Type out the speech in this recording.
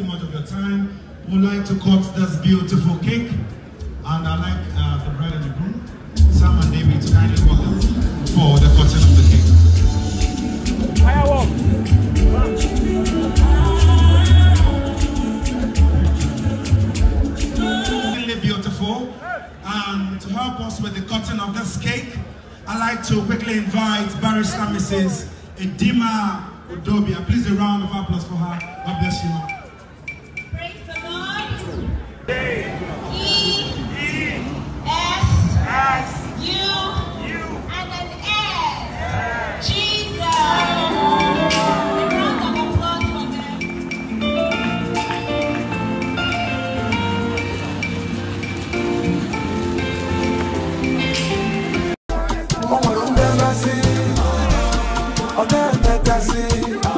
much of your time. We would like to cut this beautiful cake, and I like uh, the bride and the groom, Sam and David, to kindly work for the cutting of the cake. Really beautiful, and to help us with the cutting of this cake, I'd like to quickly invite Barrister Mrs. Edima Odobia. Please a round of applause for her. God bless you. ọ̀nà ẹ̀mẹ́ka sí i.